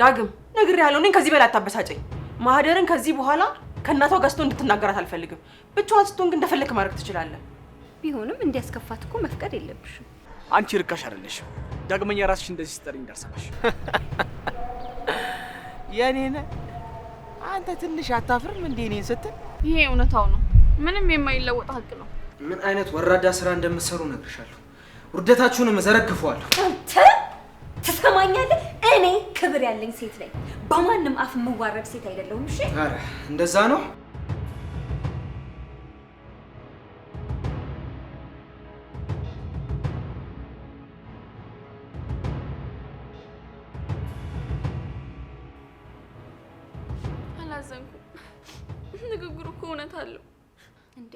ዳግም ነግር ያለው እኔን ከዚህ በላይ አታበሳጨኝ። ማህደርን ከዚህ በኋላ ከእናቷ ገዝቶ እንድትናገራት አልፈልግም። ብቻዋን ስትሆን ግን እንደፈለክ ማድረግ ትችላለህ። ቢሆንም እንዲያስከፋት እኮ መፍቀድ የለብሽም። አንቺ ርካሽ አይደለሽም። ዳግመኛ ራስሽ እንደዚህ ስጠሪኝ እንዳልሰማሽ። የኔነ አንተ ትንሽ አታፍርም እንዴ? እኔን ስትል ይሄ እውነታው ነው። ምንም የማይለወጥ ሀቅ ነው። ምን አይነት ወራዳ ስራ እንደምትሰሩ እነግርሻለሁ። ውርደታችሁንም እዘረግፈዋለሁ። አንተ ትሰማኛለህ? እኔ ክብር ያለኝ ሴት ላይ በማንም አፍ የምዋረድ ሴት አይደለሁም። እሺ፣ እንደዛ ነው። አላዘንኩም። ንግግሩ እኮ እውነት አለው። እንዴ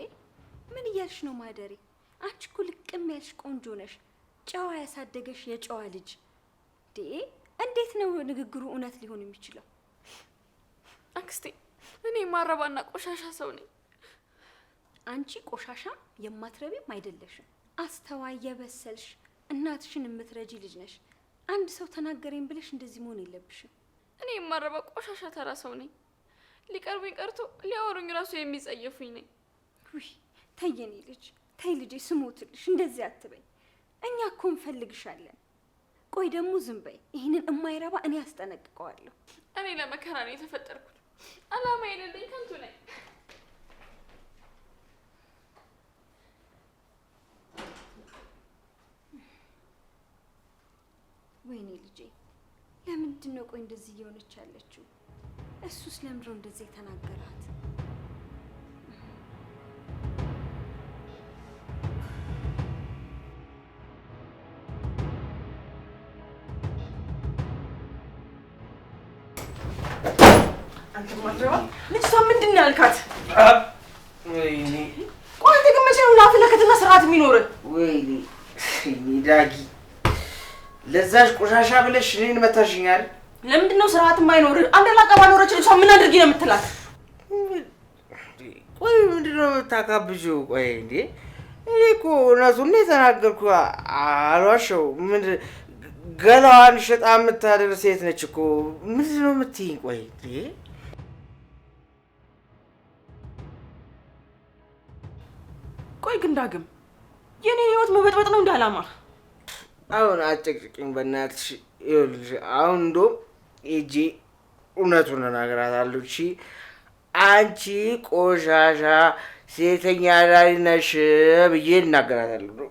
ምን እያልሽ ነው ማደሬ? አንቺ እኮ ልቅም ያልሽ ቆንጆ ነሽ። ጨዋ ያሳደገሽ የጨዋ ልጅ ዴ እንዴት ነው ንግግሩ እውነት ሊሆን የሚችለው? አክስቴ እኔ ማረባና ቆሻሻ ሰው ነኝ። አንቺ ቆሻሻ የማትረቢም አይደለሽም። አስተዋይ፣ የበሰልሽ እናትሽን የምትረጂ ልጅ ነሽ። አንድ ሰው ተናገረኝ ብለሽ እንደዚህ መሆን የለብሽም። እኔ የማረባ ቆሻሻ ተራ ሰው ነኝ። ሊቀርቡኝ ቀርቶ ሊያወሩኝ ራሱ የሚጸየፉኝ ነኝ። ውይ ተይ ልጅ ተይ ልጄ፣ ስሞትልሽ እንደዚህ አትበኝ። እኛ እኮ እንፈልግሻለን ቆይ ደግሞ ዝም በይ። ይህንን እማይረባ እኔ አስጠነቅቀዋለሁ። እኔ ለመከራ ነው የተፈጠርኩት። አላማ የሌለኝ ከንቱ ነኝ። ወይኔ ልጄ፣ ለምንድን ነው ቆይ እንደዚህ እየሆነች ያለችው? እሱስ ለምድረው እንደዚህ የተናገራት አልካት? ወይኔ ቆይ አንተ ግን መቼ ነው ላፍ ለከትና ስርዓት የሚኖር? ወይኔ ዳጊ፣ ለዛሽ ቆሻሻ ብለሽ እኔን መታሽኛል። ለምንድን ነው ስርዓት የማይኖር? አንድ ላቃ ባኖረች እሷ ምን አድርጊ ነው የምትላት? ቆይ ምንድን ነው የምታካብጂው? ቆይ እንዴ እኔ እኮ እውነቱን ነው የተናገርኩ፣ አልዋሸው። ምን ገላዋን ሸጣ የምታደር ሴት ነች እኮ። ምንድን ነው የምትይኝ? ቆይ ቆይ ግን ዳግም የኔ ህይወት መበጥበጥ ነው እንዳላማር። አሁን አጨቅጭቅኝ በእናትሽ። ይኸውልሽ አሁን እንደውም ሂጂ እውነቱን እነግራታለሁ። እሺ አንቺ ቆሻሻ ሴተኛ አዳሪ ነሽ ብዬ እናገራታለሁ።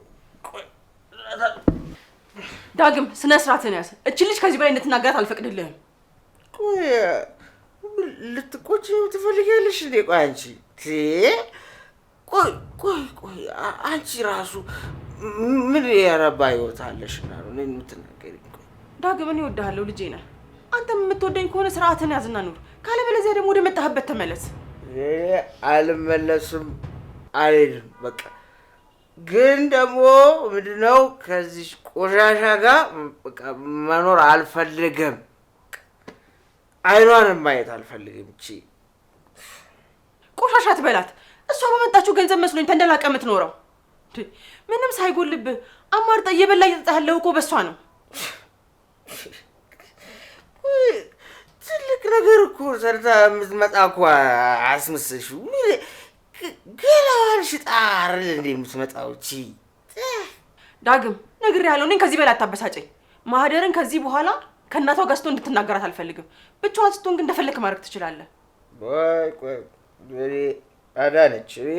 ዳግም ስነ ስርዓትን ያዝ። እች ልጅ ከዚህ በላይ እንድትናገራት አልፈቅድልህም። ልትቆጭ ትፈልጊያለሽ እንዴ? ቆይ አንቺ ቆይ ቆይ ቆይ አንቺ ራሱ ምን የረባ ህይወት አለሽና ነው እኔን ዳግም እኔ እወድሃለሁ ልጄ ነህ። አንተም የምትወደኝ ከሆነ ስርዓትን ያዝና ኑር፣ ካለበለዚያ ደግሞ ወደ መጣህበት ተመለስ። አልመለስም አልሄድም። በቃ ግን ደግሞ ምንድነው ከዚህ ቆሻሻ ጋር መኖር አልፈልግም። አይኗንም ማየት አልፈልግም። እቺ ቆሻሻ ትበላት እሷ በመጣችው ገንዘብ መስሎኝ ተንደላቀ የምትኖረው። ምንም ሳይጎልብህ አማርጠ እየበላ እየጠጣህለው እኮ በእሷ ነው። ትልቅ ነገር እኮ ሰርታ የምትመጣ እኮ አስመሰልሽው። ገላዋን ሽጣ እንደ የምትመጣው እቺ። ዳግም ያለው እኔን ከዚህ በላይ አታበሳጨኝ። ማህደርን ከዚህ በኋላ ከእናቷ ገዝቶ እንድትናገራት አልፈልግም። ብቻዋን ስትሆን ግን እንደፈለክ ማድረግ ትችላለህ። ቆይ ቆይ አዳነች እኔ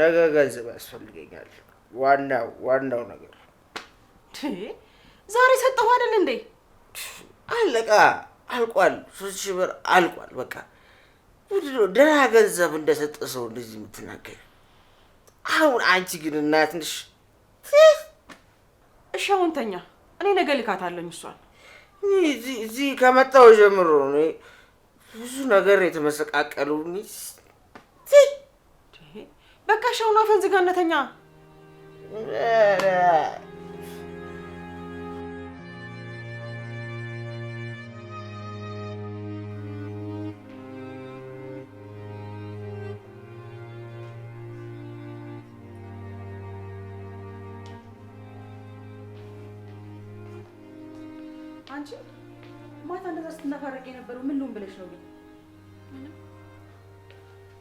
ነገ ገንዘብ ያስፈልገኛል። ዋናው ዋናው ነገር ዛሬ ሰጠሁ አይደል እንዴ? አለቃ አልቋል። ሶስት ሺህ ብር አልቋል። በቃ ደህና ገንዘብ እንደሰጠ ሰው እንደዚህ የምትናገር አሁን አንቺ ግን እና እሺ፣ አሁን ተኛ። እኔ ነገ ልካታለኝ እሷን። እዚህ ከመጣሁ ጀምሮ ብዙ ነገር የተመሰቃቀሉ በቃ ሻውና ፈንዝጋ እነተኛ አንቺ ማታ እንደዛ ስትነፋረቅ የነበረው ምን ልሁን ብለሽ ነው?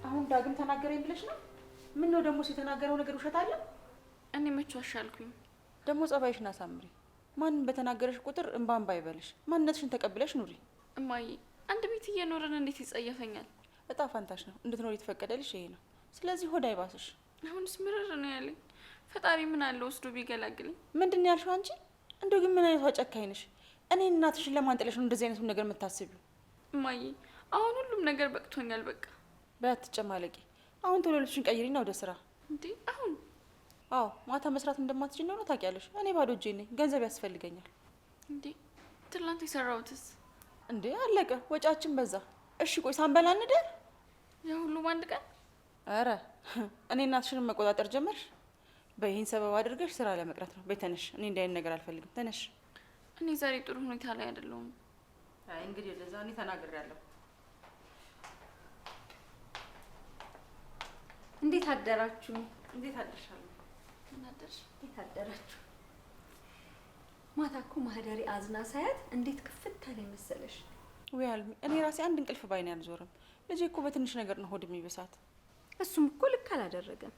አሁን ዳግም ተናገረኝ ብለሽ ነው? ምን ነው ደግሞ የተናገረው ነገር ውሸት አለ? እኔ መቼ አሻልኩኝ ደግሞ ጸባይሽን አሳምሪ። ማንም በተናገረሽ ቁጥር እንባ እንባ ይበልሽ። ማንነትሽን ተቀብለሽ ኑሪ። እማዬ፣ አንድ ቤት እየኖረን እንዴት ይጸየፈኛል? እጣ ፋንታሽ ነው እንድትኖር የተፈቀደልሽ ይሄ ነው። ስለዚህ ሆድ አይባስሽ። አሁንስ ምርር ነው ያለኝ። ፈጣሪ ምን አለ ወስዶ ቢገላግልኝ። ምንድን ያልሽው አንቺ? እንደው ግን ምን አይነቷ ጨካኝ ነሽ? እኔ እናትሽን ለማንጠለሽ ነው እንደዚህ አይነቱን ነገር የምታስቢው? እማዬ፣ አሁን ሁሉም ነገር በቅቶኛል። በቃ በያት አሁን ቶሎ ልብስሽን ቀይሪና ወደ ስራ። እንዴ አሁን? አዎ ማታ መስራት እንደማትችል ነው ታውቂያለሽ። እኔ ባዶ እጄ ነኝ፣ ገንዘብ ያስፈልገኛል። እንዴ ትላንት የሰራሁትስ? እንዴ አለቀ፣ ወጪያችን በዛ። እሺ ቆይ ሳንበላ እንደር የሁሉም አንድ ቀን። አረ እኔ እናትሽንም መቆጣጠር ጀመርሽ። በይህን ሰበብ አድርገሽ ስራ ለመቅረት ነው። ቤተነሽ እኔ እንዳይን ነገር አልፈልግም። ተነሽ። እኔ ዛሬ ጥሩ ሁኔታ ላይ አይደለሁም። እንግዲህ ወደዛ እኔ ተናግሬያለሁ። እንዴት አደራችሁ? እንዴት አደርሻለሁ? እናደርሽ? እንዴት አደራችሁ? ማታ እኮ ማህደሪ አዝና ሳያት እንዴት ክፍት አለ መሰለሽ። ወይ አልሚ፣ እኔ ራሴ አንድ እንቅልፍ ባይኔ አልዞርም። ልጄ እኮ በትንሽ ነገር ነው ሆድ የሚበሳት። እሱም እኮ ልክ አላደረገም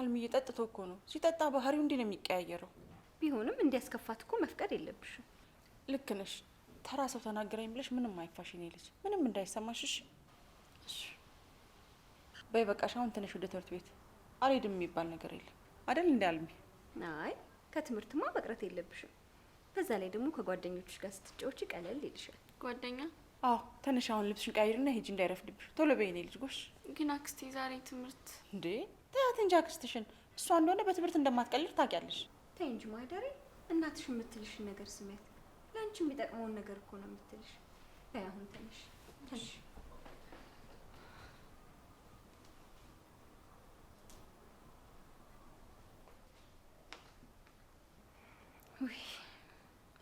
አልሚ እየጠጥቶ እኮ ነው። ሲጠጣ ባህሪው እንዲህ ነው የሚቀያየረው። ቢሆንም እንዲያስከፋት እኮ መፍቀድ የለብሽም። ልክ ነሽ። ተራ ሰው ተናገረኝ ብለሽ ምንም አይፋሽ። እኔ ልጅ ምንም እንዳይሰማሽሽ። በይ በቃሽ። አሁን ትንሽ ወደ ትምህርት ቤት አልሄድም የሚባል ነገር የለም አይደል? እንደ አልሚ አይ ከትምህርትማ መቅረት የለብሽም። በዛ ላይ ደግሞ ከጓደኞችሽ ጋር ስትጫወቺ ቀለል ይልሻል። ጓደኛ? አዎ ተነሽ። አሁን ልብስሽን ቀይርና ሂጂ እንዳይረፍድብሽ። ቶሎ በይ የኔ ልጅ። ጎሽ ግን አክስቴ ዛሬ ትምህርት እንዴ? ተያት እንጂ አክስትሽን። እሷ እንደሆነ በትምህርት እንደማትቀልድ ታውቂያለሽ። ተይ እንጂ ማይደሪ። እናትሽ የምትልሽን ነገር ስሜት ለአንቺ የሚጠቅመውን ነገር እኮ ነው የምትልሽ። በይ አሁን ተነሽ፣ ተነሽ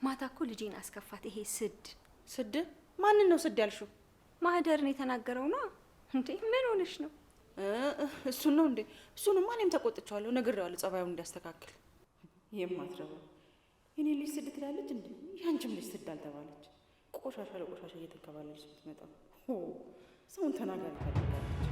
ማታ እኮ ልጄን አስከፋት። ይሄ ስድ ስድ ማንን ነው ስድ ያልሽው? ማህደርን የተናገረው ነው እንዴ? ምን ሆነሽ ነው? እሱን ነው እንዴ? እሱንማ እኔም ተቆጥቼዋለሁ፣ ነግሬዋለሁ ጸባዩን እንዲያስተካክል። የማትረባ የኔ ልጅ ስድ ትላለች እንዴ? ያንቺም ልጅ ስድ አልተባለች፣ ቆሻሻ ለቆሻሻ እየተንከባለች ስትመጣ ሰውን ተናጋሪ ታደርጋለች።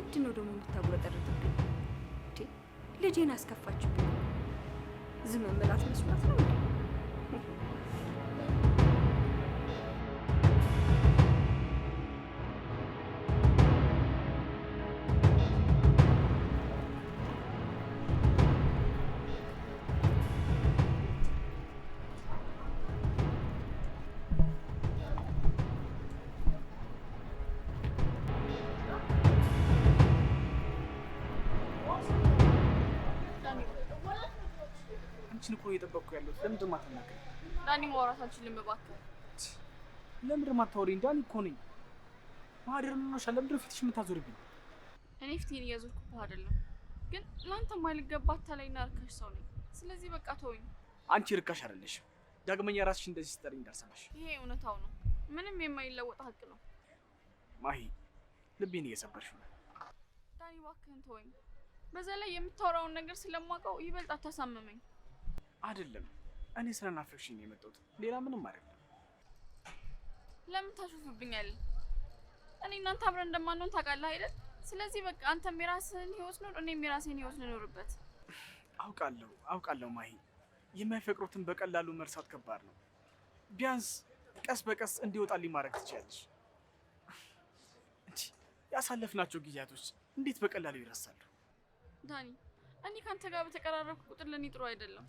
ለምንድ ነው ደግሞ የምታጉረጠርጥብኝ? ልጄን አስከፋችብኝ። ዝም መስማት መስሏት ነው። እየጠበቅኩ ያለሁት ለምንድን ነው የማትናገሪው? ዳኒ ማውራት አልችልም እባክህ። ለምንድን ነው የማታወሪኝ? ዳኒ እኮ ነኝ። ማህደር ምን ሆነሻል? ለምንድን ነው ፊትሽ የምታዞርብኝ? እኔ ፊቴን እያዞርኩብህ አይደለም፣ ግን ለአንተ የማይገባ አታላይና ርካሽ ሰው ነኝ። ስለዚህ በቃ ተወኝ። አንቺ ርካሽ አይደለሽም። ዳግመኛ ራስሽ እንደዚህ ስጠሪኝ እንዳልሰማሽ። ይሄ እውነታው ነው፣ ምንም የማይለወጥ ሀቅ ነው። ማሂ ልቤን እየሰበርሽ ነው። ዳኒ እባክህን ተወኝ። በዛ ላይ የምታወራውን ነገር ስለማውቀው ይበልጥ አታሳምመኝ። አይደለም። እኔ ስለናፈቅሽኝ ነው የመጣሁት፣ ሌላ ምንም አይደለም። ለምን ታሾፍብኛለህ? እኔ እናንተ አብረን እንደማንሆን ታውቃለህ አይደል? ስለዚህ በቃ አንተም የራስህን ህይወት ኖር፣ እኔም የራሴን ህይወት ልኖርበት። አውቃለሁ አውቃለሁ ማሂ፣ የማይፈቅሩትን በቀላሉ መርሳት ከባድ ነው። ቢያንስ ቀስ በቀስ እንዲወጣልኝ ማድረግ ትችያለሽ። ያሳለፍናቸው ጊዜያቶች እንዴት በቀላሉ ይረሳሉ? ዳኒ፣ እኔ ከአንተ ጋር በተቀራረብኩ ቁጥር ለእኔ ጥሩ አይደለም።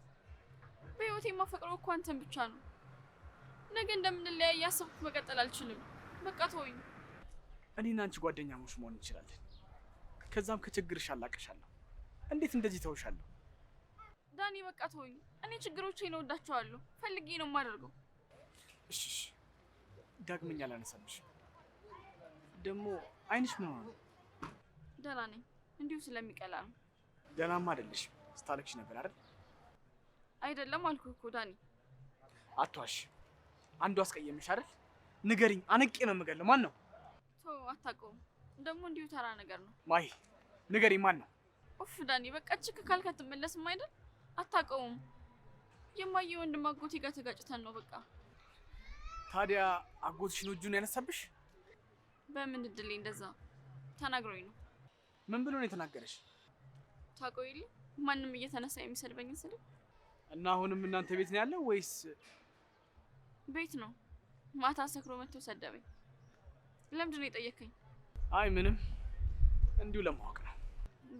በህይወት የማፈቅረው እኮ አንተን ብቻ ነው። ነገ እንደምንለያይ እያሰብኩ መቀጠል አልችልም። በቃ ተወኝ። እኔና አንቺ ጓደኛሞች መሆን እንችላለን። ከዛም ከችግርሽ አላቀሻለሁ። እንዴት እንደዚህ ተውሻለሁ? ዳኒ በቃ ተወኝ። እኔ ችግሮቼን እወዳቸዋለሁ። ፈልጌ ነው የማደርገው። እሺ ዳግመኛ አላነሳልሽ። ደግሞ አይንሽ ምን ሆነ? ደህና ነኝ። እንዲሁ ስለሚቀላ ነው። ደህናማ አይደለሽ። ስታለቅሽ ነበር አይደል? አይደለም አልኩህ እኮ ዳኒ። አትዋሽ። አንዱ አስቀየምሽ አይደል? ንገሪኝ። አንቄ ነው የምገለው። ማን ነው? ተው አታውቀውም። ደግሞ እንዲሁ ተራ ነገር ነው። ማይ ንገሪኝ፣ ማን ነው? ኡፍ ዳኒ፣ በቃ ችክ ካልክ አትመለስም አይደል? አታውቀውም። የማየ ወንድም አጎቴ ጋር ተጋጭተን ነው በቃ። ታዲያ አጎትሽ ነው እጁን ያነሳብሽ? በምን እድል እንደዛ ተናግሮኝ ነው። ምን ብሎ ነው የተናገረሽ? ታውቀው የለ ማንም እየተነሳ የሚሰድበኝ ስድብ እና አሁንም እናንተ ቤት ነው ያለው ወይስ? ቤት ነው። ማታ ሰክሮ መጥቶ ሰደበኝ። ለምንድን ነው የጠየከኝ? አይ ምንም፣ እንዲሁ ለማወቅ ነው።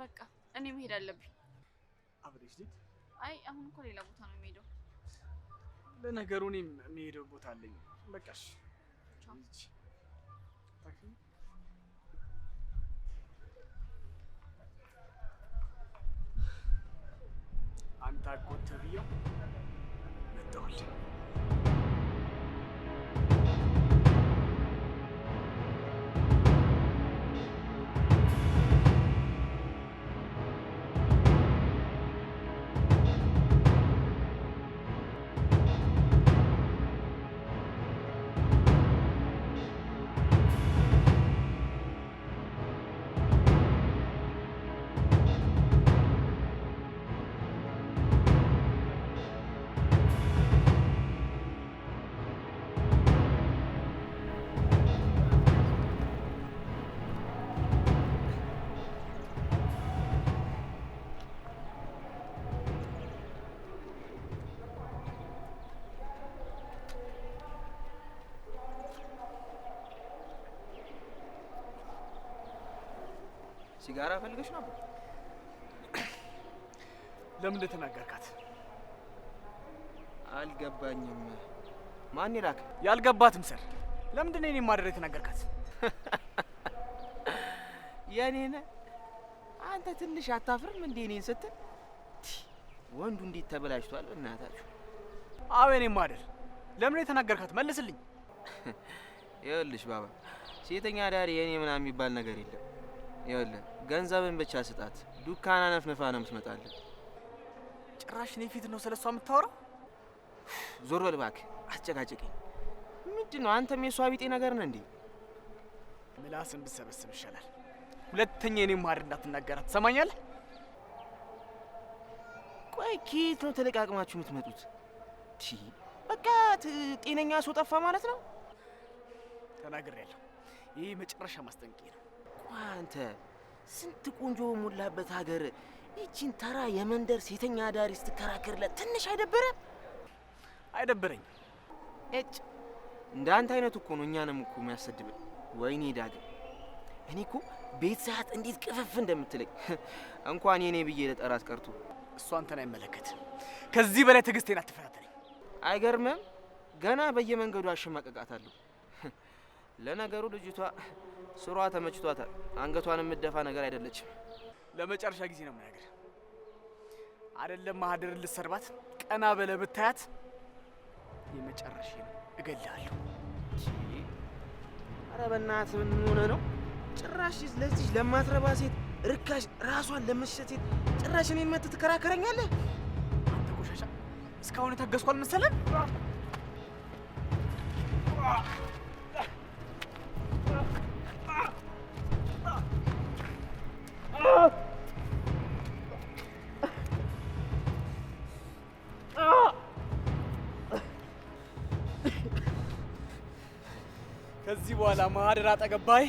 በቃ እኔ መሄድ አለብኝ። አብሬሽ ልጅ። አይ አሁን እኮ ሌላ ቦታ ነው የሚሄደው። ለነገሩ እኔም የሚሄደው ቦታ አለኝ። በቃሽ። አንተ አጎትህ ብየው መጣሁልህ። ሲጋራ ፈልገሽ ነበር? ለምን እንደተናገርካት አልገባኝም። ማን ይላክ? ያልገባትም ሰር ለምንድን ነው እኔ ማደር የተናገርካት? የኔነ አንተ ትንሽ አታፍርም እንዴ? እኔን ስትል ወንዱ እንዴት ተበላሽቷል። እናታችሁ አዎ፣ የኔ ማደር ለምን የተናገርካት መልስልኝ። ይኸውልሽ ባባ፣ ሴተኛ ዳሪ የኔ ምናምን የሚባል ነገር የለም። ይወለ ገንዘብን ብቻ ስጣት። ዱካና ነፍንፋ ነው የምትመጣልህ። ጭራሽ እኔ ፊት ነው ስለሷ የምታወራው? ዞር በል እባክህ፣ አስጨቃጨቀኝ። ምንድን ነው አንተም የሷ ቢጤ ነገር ነህ እንዴ? ምላስን ብሰበስብ ይሻላል። ሁለተኛ የኔ ማር እንዳትናገራት ትሰማኛለህ? ቆይ ኬት ነው ተለቃቅማችሁ የምትመጡት? ቲ በቃ ጤነኛ ሰው ጠፋ ማለት ነው። ተናግሬያለሁ። ይህ መጨረሻ ማስጠንቀቂያ ነው። አንተ ስንት ቆንጆ ሞላበት ሀገር ይቺን ተራ የመንደር ሴተኛ አዳሪ ስትከራከርለት ትንሽ አይደበረም? አይደበረኝ። እጭ እንደ አንተ አይነት እኮ ነው እኛንም እኮ የሚያሰድብን። ወይኔ ዳግም፣ እኔ እኮ ቤት ሰዓት እንዴት ቅፍፍ እንደምትለኝ እንኳን የኔ ብዬ ለጠራት ቀርቶ እሷ አንተን አይመለከትም። ከዚህ በላይ ትዕግስቴን አትፈታተለኝ። አይገርምም? ገና በየመንገዱ አሸማቀቃታለሁ። ለነገሩ ልጅቷ ስሯ ተመችቷታል። አንገቷን የምትደፋ ነገር አይደለችም። ለመጨረሻ ጊዜ ነው ማያገር አይደለም ማህደርን ልሰርባት ቀና በለ ብታያት የመጨረሻ ነው እገልሃለሁ። አረ በእናትህ ምን ሆነ ነው ጭራሽ ለዚህ ለማትረባ ሴት ርካሽ ራሷን ለመሸት ሴት ጭራሽ እኔን መተህ ትከራከረኛለህ? አንተ ቆሻሻ እስካሁን የታገስኩ አልመሰለን። በኋላ ማህደር አጠገባይ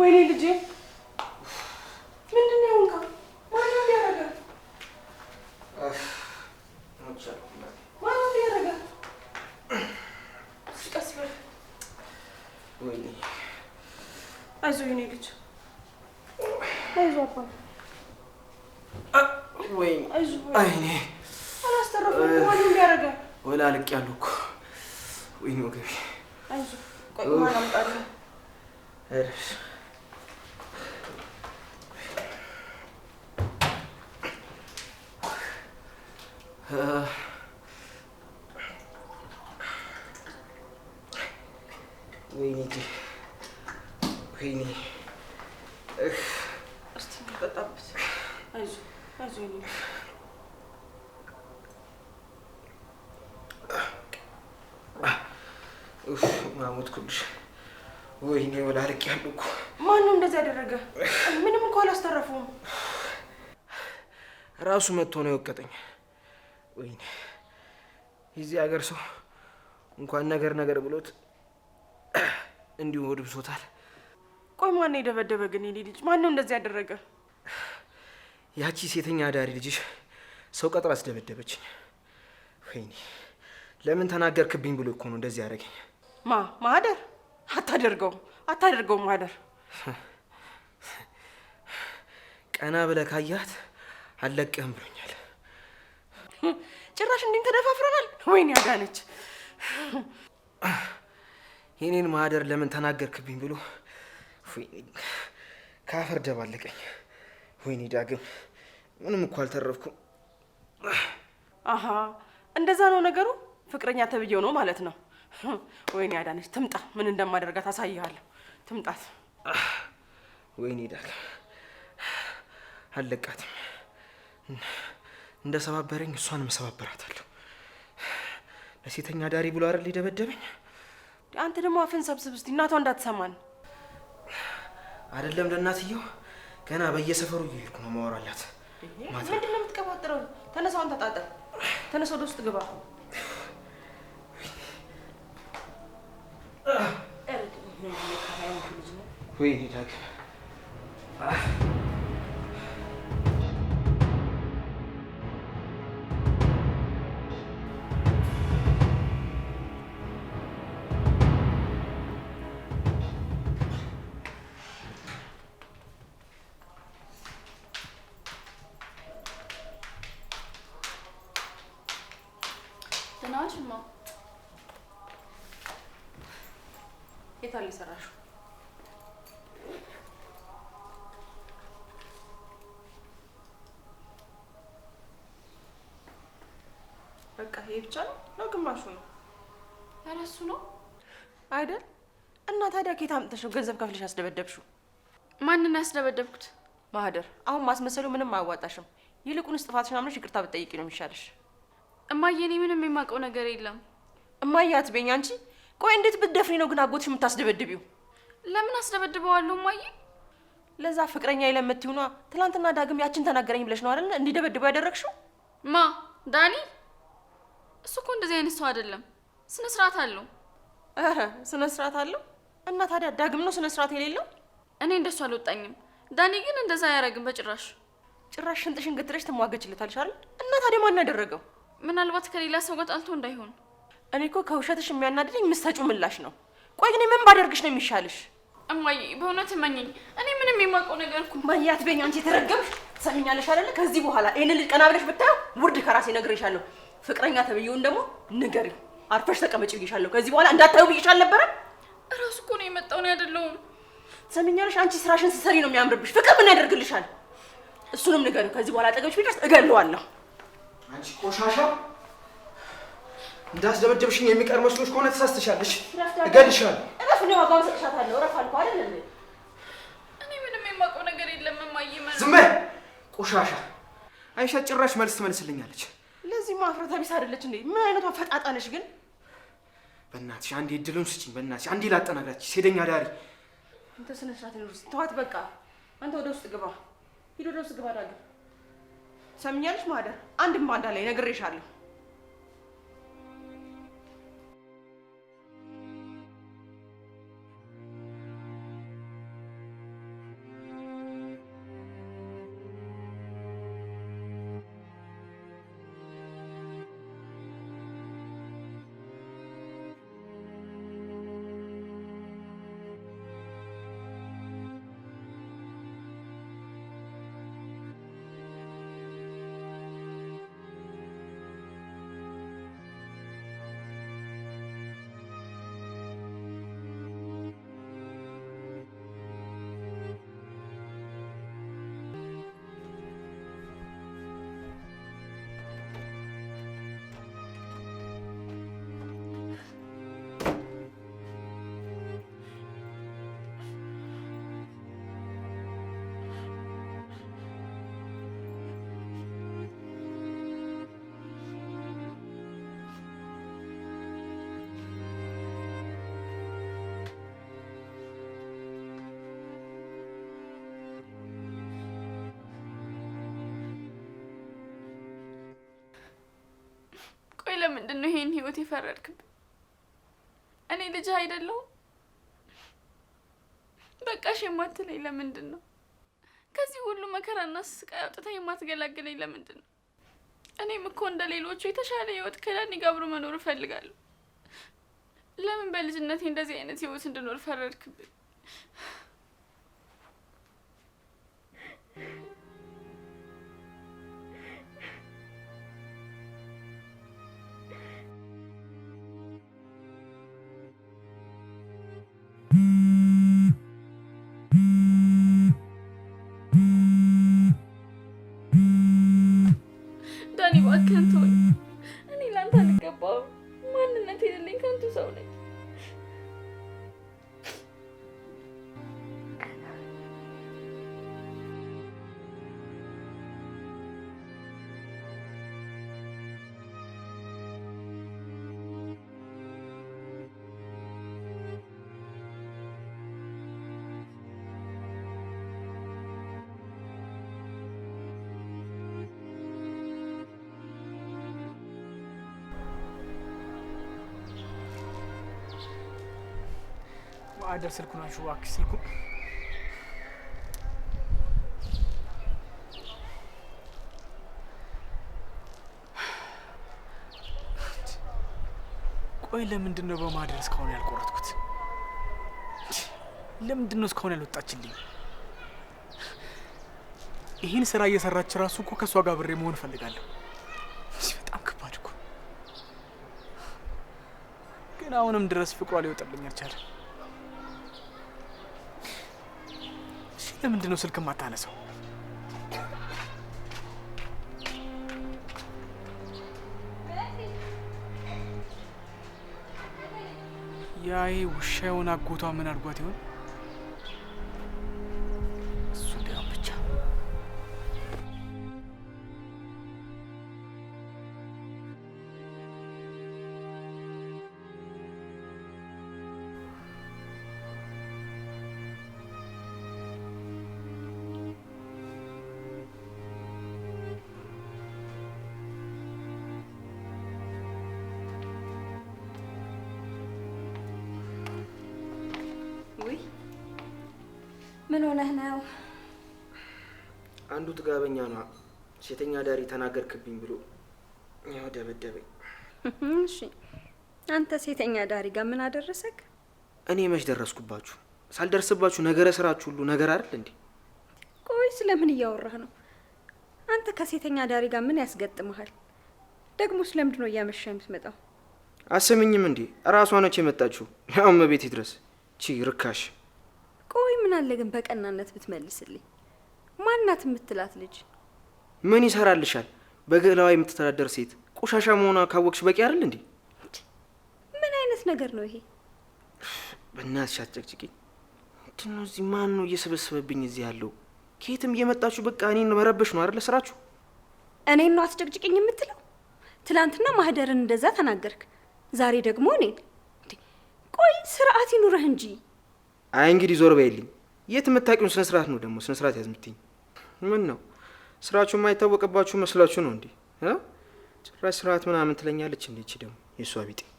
ወይኔ ልጄ ማሞት ኩልሽ ወይኔ ወላልቅ ያለው እኮ ማን ነው እንደዚህ ያደረገ? ምንም እንኳ አላስተረፉም። ራሱ መጥቶ ነው የወቀጠኝ። ወይኔ የዚህ ሀገር ሰው እንኳን ነገር ነገር ብሎት እንዲሁ ሆድ ብሶታል። ቆይ ማን ነው የደበደበ ግን? የኔ ልጅ ማን ነው እንደዚህ ያደረገ? ያቺ ሴተኛ አዳሪ ልጅሽ ሰው ቀጥራ አስደበደበችኝ። ወይኔ ለምን ተናገርክብኝ ብሎ እኮ ነው እንደዚህ ያደረገኝ። ማ ማህደር አታደርገውም፣ አታደርገውም ማህደር ቀና ብለህ ካያት አለቅህም ብሎኛል። ጭራሽ እንዲህ ተደፋፍረናል። ወይኔ አዳነች የኔን ማህደር ለምን ተናገርክብኝ ብሎ ከአፈር ደባለቀኝ። ወይኔ ዳግም ምንም እኮ አልተረፍኩም። አሀ እንደዛ ነው ነገሩ። ፍቅረኛ ተብዬው ነው ማለት ነው። ወይኔ አዳነች ትምጣ፣ ምን እንደማደርጋት አሳይሃለሁ። ትምጣት። ወይኔ ዳግ አለቃትም እንደ እሷንም እሰባበራታለሁ። ለሴተኛ ዳሪ ብሎ አይደል ሊደበደበኝ። አንተ ደግሞ አፍን ሰብስብ እስቲ፣ እናቷ እንዳትሰማን። አይደለም ለእናትየው ገና በየሰፈሩ እየሄድኩ ነው ማወራላት። ምንድን ነው የምትቀባጥረው? ተነሳውን ተጣጠር፣ ተነሳ፣ ወደ ውስጥ ግባ። ወይ ነው የሰራሽው? በቃ ይሄ ብቻ ነው ነው ግማሹ ነው? ኧረ እሱ ነው አይደል? እና ታዲያ ከየት አምጥተሽ ገንዘብ ከፍለሽ ያስደበደብሽው? ማንን ያስደበደብኩት? ማህደር፣ አሁን ማስመሰሉ ምንም አያዋጣሽም። ይልቁንስ ጥፋትሽን አምነሽ ይቅርታ ብትጠይቂ ነው የሚሻለሽ። እማዬ፣ እኔ ምንም የማውቀው ነገር የለም። እማዬ አትበይኝ አንቺ ቆይ እንዴት ብትደፍሪ ነው ግን አጎትሽ የምታስደበድቢው? ለምን አስደበድበዋለሁ እማዬ? ለዛ ፍቅረኛ የለምትዩ ነዋ። ትናንትና ዳግም ያችን ተናገረኝ ብለሽ ነው አይደል እንዲደበድበው ያደረግሽው? ማ ዳኒ? እሱ እኮ እንደዚህ አይነት ሰው አይደለም። ስነ ስርዓት አለው። ኧረ ስነ ስርዓት አለው። እና ታዲያ ዳግም ነው ስነ ስርዓት የሌለው? እኔ እንደሱ አልወጣኝም። ዳኒ ግን እንደዛ አያደርግም በጭራሽ። ጭራሽ ሽንጥሽን ግትረሽ ትሟገችለታልሽ አይደል? እና ታዲያ ማን ያደረገው? ምናልባት ከሌላ ሰው ጋር ጣልቶ እንዳይሆን እኔ እኮ ከውሸትሽ የሚያናድደኝ ምሰጩ ምላሽ ነው። ቆይ ግን ምን ባደርግሽ ነው የሚሻልሽ? እማዬ በእውነት እመኝኝ፣ እኔ ምንም የማውቀው ነገር እኮ እማዬ፣ በኛ አንቺ የተረገምሽ። ትሰሚኛለሽ አይደለ? ከዚህ በኋላ ይህን ልጅ ቀና ብለሽ ብታየው ውርድ ከራሴ እነግርሻለሁ። ፍቅረኛ ተብዬውን ደግሞ ንገሪ። አርፈሽ ተቀመጭ ብዬሻለሁ። ከዚህ በኋላ እንዳታዩ ብዬሽ አልነበረም? እራሱ እኮ ነው የመጣው ነው አይደለሁም። ትሰሚኛለሽ? አንቺ ስራሽን ስሰሪ ነው የሚያምርብሽ። ፍቅር ምን ያደርግልሻል? እሱንም ንገሪው። ከዚህ በኋላ አጠገብሽ ቢደርስ እገለዋለሁ። አንቺ ቆሻሻ እንዳስደበደብሽኝ የሚቀር መስሎሽ ከሆነ ተሳስተሻለሽ። እገልሻለሁ። እረፍ፣ እንደማባ እሰጥሻታለሁ። እረፍ አልኩ አይደል? እኔ ምንም የማውቀው ነገር የለም እማዬ። ዝም በይ ቆሻሻ። አይሻ ጭራሽ መልስ ትመልስልኛለች። ለዚህ ማፍረት ቢስ አይደለች እንዴ? ምን አይነቷ ፈጣጣ ነሽ ግን? በእናትሽ አንዴ እድሉን ስጭኝ። በእናትሽ አንዴ ላጠናግራች። ሴደኛ ዳሪ እንተ ስነ ስርዓት ይኖር። ተዋት በቃ። አንተ ወደ ውስጥ ግባ፣ ሂድ ወደ ውስጥ ግባ። ዳግም ሰምኛለሽ ማደር አንድም ባንዳ ላይ ነግሬሻለሁ ይህን ህይወት የፈረድክብኝ እኔ ልጅ አይደለሁም። በቃሽ የማትለኝ ለምንድን ነው? ከዚህ ሁሉ መከራና ስቃይ አውጥታ የማትገላግለኝ ለምንድን ነው? እኔም እኮ እንደ ሌሎቹ የተሻለ ህይወት ከዳኒ ጋር አብሮ መኖር እፈልጋለሁ። ለምን በልጅነቴ እንደዚህ አይነት ህይወት እንድኖር ፈረድክብኝ? episode አደር ስልኩ ናችሁ እባክሽ ስልኩ ቆይ ለምንድን ነው በማደር እስካሁን ያልቆረጥኩት? ለምንድን ነው እስካሁን ያልወጣችልኝ? ይህን ስራ እየሰራች ራሱ እኮ ከእሷ ጋር ብሬ መሆን እፈልጋለሁ። በጣም ከባድ እኮ ግን፣ አሁንም ድረስ ፍቅሯ ሊወጣልኝ አልቻለም። ለምንድን ነው ስልክ የማታነሳው? ያ ይሄ ውሻ የሆነ አጎቷ ምን አድርጓት ይሆን? ምን ሆነህ ነው? አንዱ ጥጋበኛ ነዋ። ሴተኛ ዳሪ ተናገርክብኝ ብሎ ያው ደበደበኝ። እሺ አንተ ሴተኛ ዳሪ ጋር ምን አደረሰክ? እኔ መች ደረስኩባችሁ? ሳልደርስባችሁ ነገረ ስራችሁ ሁሉ ነገር አይደል እንዴ? ቆይ ስለምን እያወራህ ነው? አንተ ከሴተኛ ዳሪ ጋር ምን ያስገጥመሃል? ደግሞ ስለምንድን ነው እያመሻ የምትመጣው? አሰምኝም እንዴ? እራሷ ነች የመጣችሁ። ያው እመቤቴ ድረስ ቺ ርካሽ ቆይ ምን አለ ግን በቀናነት ብትመልስልኝ። ማናት የምትላት ልጅ ምን ይሰራልሻል? በገላዋ የምትተዳደር ሴት ቆሻሻ መሆኗ ካወቅሽ በቂ አይደል እንዴ? ምን አይነት ነገር ነው ይሄ? በእናትሽ አትጨቅጭቂኝ። ምንድን ነው እዚህ? ማን ነው እየሰበሰበብኝ እዚህ ያለው? ከየትም እየመጣችሁ በቃ እኔን መረበሽ ነው አይደለ ስራችሁ? እኔን ነው አስጨቅጭቅኝ የምትለው? ትላንትና ማህደርን እንደዛ ተናገርክ፣ ዛሬ ደግሞ እኔን። ቆይ ስርዓት ይኑረህ እንጂ አይ እንግዲህ ዞር በይልኝ። የት የምታውቂውን ስነ ስርዓት ነው ደግሞ ስነ ስርዓት ያዝምትኝ። ምን ነው ስራችሁ የማይታወቅባችሁ መስላችሁ ነው እንዴ? ጭራሽ ስርዓት ምናምን ትለኛለች። እንዴች ደግሞ የእሷ ቢጤ ምንድነው?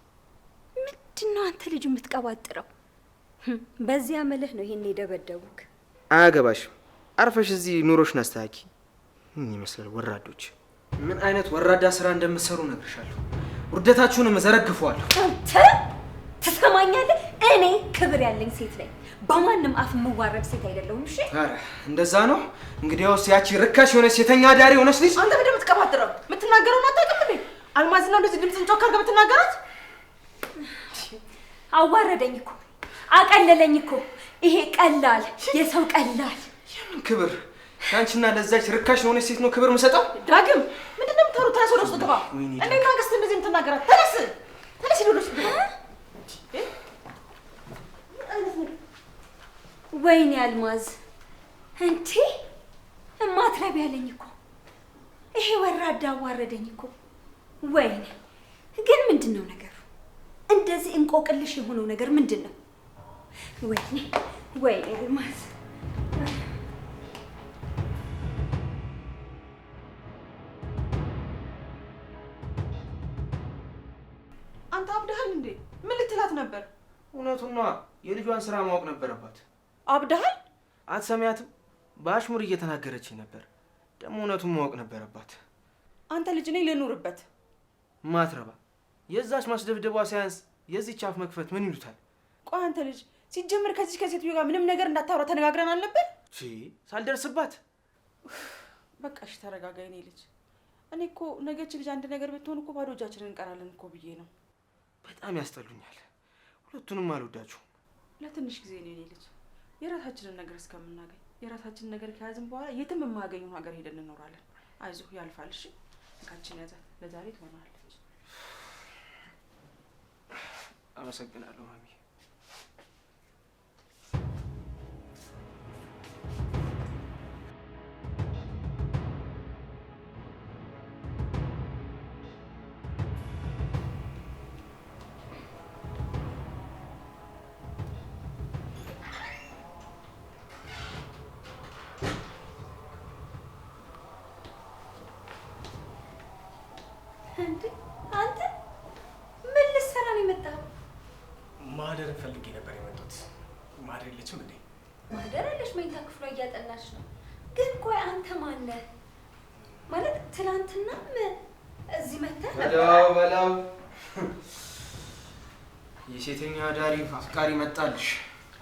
አንተ ልጅ የምትቀባጥረው? Hm በዚያ መልህ ነው ይሄን የደበደቡክ። አያገባሽም። አርፈሽ እዚህ ኑሮሽን አስተካኪ። ምን ይመስላል ወራዶች፣ ምን አይነት ወራዳ ስራ እንደምትሰሩ እነግርሻለሁ። ውርደታችሁንም እዘረግፈዋለሁ። አንተ ትሰማኛለህ? እኔ ክብር ያለኝ ሴት ነኝ። በማንም አፍ የምዋረድ ሴት አይደለሁም። እሺ፣ እንደዛ ነው። እንግዲያውስ ያቺ ርካሽ የሆነች ሴተኛ ዳሪ የሆነች ልጅ አንተ በደምብ ትቀባጥረው የምትናገረውን አታውቅም እንዴ? አልማዝና እንደዚህ ድምፅ ጮክ አድርገህ የምትናገራት አዋረደኝ እኮ አቀለለኝ እኮ። ይሄ ቀላል የሰው ቀላል የምን ክብር ከአንቺና ለዛች ርካሽ የሆነች ሴት ነው ክብር የምሰጠው? ዳግም ምንድን ነው የምታወሩት? ተነስ ወደ ውስጥ ግባ። እንዴት መንግስት እንደዚህ የምትናገራት? ተነስ ተነስ፣ ወደ ውስጥ ግባ። ወይኔ አልማዝ እንቲ እማትረቢ ያለኝ እኮ ይሄ ወራዳ አዋረደኝ እኮ። ወይኔ ግን ምንድን ነው ነገሩ? እንደዚህ እንቆቅልሽ የሆነው ነገር ምንድን ነው? ወይኔ ወይኔ አልማዝ አንተ አብድሃል እንዴ? ምን ልትላት ነበር? እውነቱና የልጇን ስራ ማወቅ ነበረባት። አብደሃል። አትሰሚያትም? በአሽሙር እየተናገረችኝ ነበር። ደግሞ እውነቱን ማወቅ ነበረባት። አንተ ልጅ ነኝ ልኑርበት። ማትረባ የዛች ማስደብደቧ ሳያንስ የዚች አፍ መክፈት ምን ይሉታል? ቆይ አንተ ልጅ ሲጀምር ከዚች ከሴትዮ ጋር ምንም ነገር እንዳታወራ ተነጋግረን አልነበር? ሳልደርስባት በቃ እሺ ተረጋጋ የኔ ልጅ። እኔ እኮ ነገች ልጅ አንድ ነገር ብትሆን እኮ ባዶ እጃችን እንቀራለን እኮ ብዬ ነው። በጣም ያስጠሉኛል። ሁለቱንም አልወዳችሁም። ለትንሽ ጊዜ ነው የኔ ልጅ የራሳችንን ነገር እስከምናገኝ የራሳችንን ነገር ከያዝን በኋላ የትም የማገኙ ሀገር ሄደን እንኖራለን። አይዞህ ያልፋል። እሺ እቃችን ያዘ ለዛሬ ትሆናለች። አመሰግናለሁ ማሚ። ያው በላው። የሴተኛ ዳሪ አፍቃሪ መጣልሽ።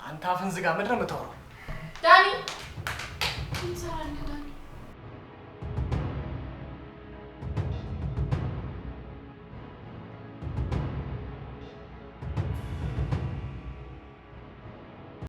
አንተ አፍን ዝጋ። ምንድን ነው